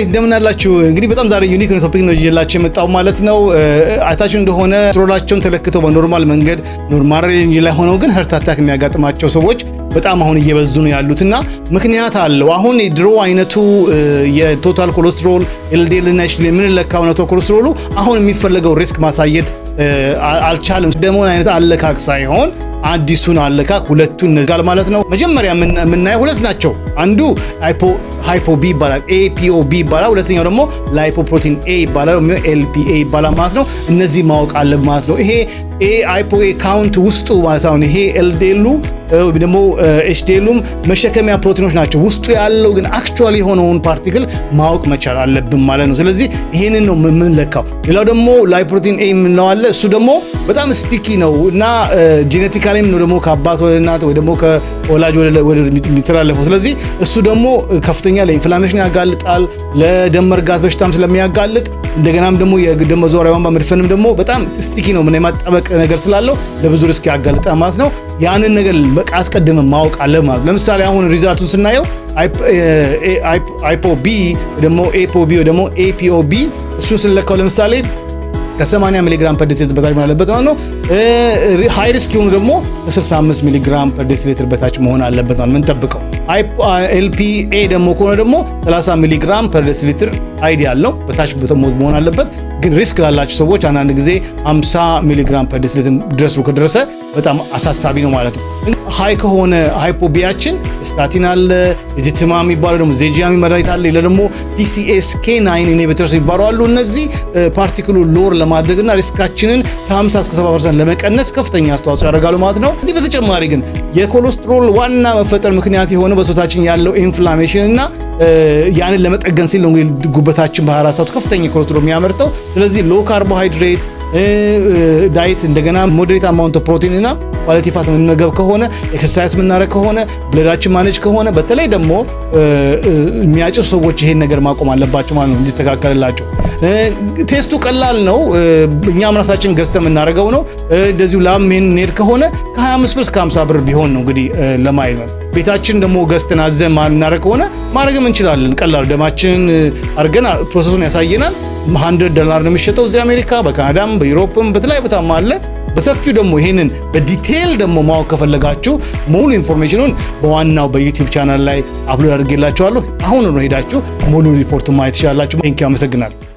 እንደምናላችሁ እንግዲህ በጣም ዛሬ ዩኒክ ነው ቶፒክ ነው ይዤላችሁ የመጣው ማለት ነው። አይታችሁ እንደሆነ ትሮላቸውን ተለክተው በኖርማል መንገድ ኖርማል ሬንጅ ላይ ሆነው ግን ሀርት አታክ የሚያጋጥማቸው ሰዎች በጣም አሁን እየበዙ ነው ያሉትና ምክንያት አለው። አሁን የድሮ አይነቱ የቶታል ኮሌስትሮል ኤልዲኤል እና ኤችዲኤል የምንለካው ነው ኮሌስትሮሉ አሁን የሚፈለገው ሪስክ ማሳየት አልቻለም። ደሞን አይነት አለካክ ሳይሆን አዲሱን አለካክ ሁለቱን ነዛል ማለት ነው። መጀመሪያ የምናየው ሁለት ናቸው። አንዱ አይፖ ሃይፖቢ ይባላል። ኤፒኦቢ ይባላል። ሁለተኛው ደግሞ ላይፖፕሮቲን ኤ ይባላል። ኤልፒኤ ይባላል ማለት ነው። እነዚህ ማወቅ አለ ማለት ነው። ይሄ ኤ ሃይፖኤ ካውንት ውስጡ ማለት አሁን ይሄ ኤልዴሉ ደግሞ ኤችዲኤሉም መሸከሚያ ፕሮቲኖች ናቸው። ውስጡ ያለው ግን አክቹዋል የሆነውን ፓርቲክል ማወቅ መቻል አለብን ማለት ነው። ስለዚህ ይሄንን ነው የምንለካው። ሌላው ደግሞ ላይፖፕሮቲን ኤ የምንለው አለ። እሱ ደግሞ በጣም ስቲኪ ነው እና ጄኔቲካሊም ነው ደግሞ ከአባት ወደ እናት ወይ ደግሞ ወላጅ ወደ የሚተላለፈው። ስለዚህ እሱ ደግሞ ከፍተኛ ለኢንፍላሜሽን ያጋልጣል፣ ለደም መርጋት በሽታም ስለሚያጋልጥ እንደገናም ደግሞ የደም መዘዋወሪያ ቧንቧ መድፈንም ደግሞ በጣም ስቲኪ ነው፣ ምን የማጣበቅ ነገር ስላለው ለብዙ ሪስክ ያጋልጣል ማለት ነው። ያንን ነገር አስቀድመ ማወቅ አለ ማለት። ለምሳሌ አሁን ሪዛልቱን ስናየው ቢ ደግሞ ቢ ደግሞ ቢ እሱን ስንለካው ለምሳሌ ከ80 ሚሊግራም ፐር ዴሲሊትር በታች መሆን አለበት ማለት ነው። ሃይ ሪስክ የሆኑ ደግሞ ከ65 ሚሊግራም ፐር ዴሲሊትር በታች መሆን አለበት ማለት ምን ጠብቀው። ኤልፒኤ ደግሞ ከሆነ ደግሞ 30 ሚሊግራም ፐር ዴሲሊትር አይዲያል ነው በታች መሆን አለበት። ግን ሪስክ ላላቸው ሰዎች አንዳንድ ጊዜ 50 ሚሊግራም ፐር ዴሲሊትር ድረስ ከደረሰ በጣም አሳሳቢ ነው ማለት ነው። ሀይ ከሆነ ሃይፖቢያችን ስታቲን አለ፣ ዚትማ የሚባለ ደግሞ ዜጂያሚ መድኃኒት አለ፣ ሌላ ደግሞ ፒሲኤስኬ ናይን ኢንሂቢተርስ የሚባሉ አሉ። እነዚህ ፓርቲክሉ ሎር ለማድረግና ሪስካችንን ከ50 እስከ 70 ፐርሰንት ለመቀነስ ከፍተኛ አስተዋጽኦ ያደርጋሉ ማለት ነው። እዚህ በተጨማሪ ግን የኮሌስትሮል ዋና መፈጠር ምክንያት የሆነ በሰውነታችን ያለው ኢንፍላሜሽን እና ያንን ለመጠገን ሲል ነው እንግዲህ ጉበታችን ባህር ሀሳቱ ከፍተኛ ኮሌስትሮል የሚያመርተው። ስለዚህ ሎ ካርቦሃይድሬት ዳይት እንደገና ሞዴሬት አማውንት ፕሮቲን እና ኳሊቲ ፋት የምንመገብ ከሆነ ኤክሰርሳይዝ የምናደርግ ከሆነ ብለዳችን ማነጅ ከሆነ በተለይ ደግሞ የሚያጭሱ ሰዎች ይሄን ነገር ማቆም አለባቸው ማለት ነው እንዲስተካከልላቸው። ቴስቱ ቀላል ነው፣ እኛም ራሳችን ገዝተ የምናደርገው ነው። እንደዚሁ ላም ይሄን እንሄድ ከሆነ 25 ብር እስከ 50 ብር ቢሆን ነው እንግዲህ ለማይ ቤታችን ደግሞ ገዝተን አዘን ማናደርግ ከሆነ ማድረግም እንችላለን። ቀላል ደማችንን አድርገን ፕሮሰሱን ያሳየናል። 100 ዶላር ነው የሚሸጠው እዚህ አሜሪካ፣ በካናዳም በዩሮፕም በተለያዩ ቦታም አለ። በሰፊው ደግሞ ይህንን በዲቴይል ደግሞ ማወቅ ከፈለጋችሁ ሙሉ ኢንፎርሜሽኑን በዋናው በዩቲዩብ ቻናል ላይ አፕሎድ አድርጌላችኋለሁ። አሁን ነው ሄዳችሁ ሙሉ ሪፖርቱን ማየት ትችላላችሁ። ንኪ አመሰግናለሁ።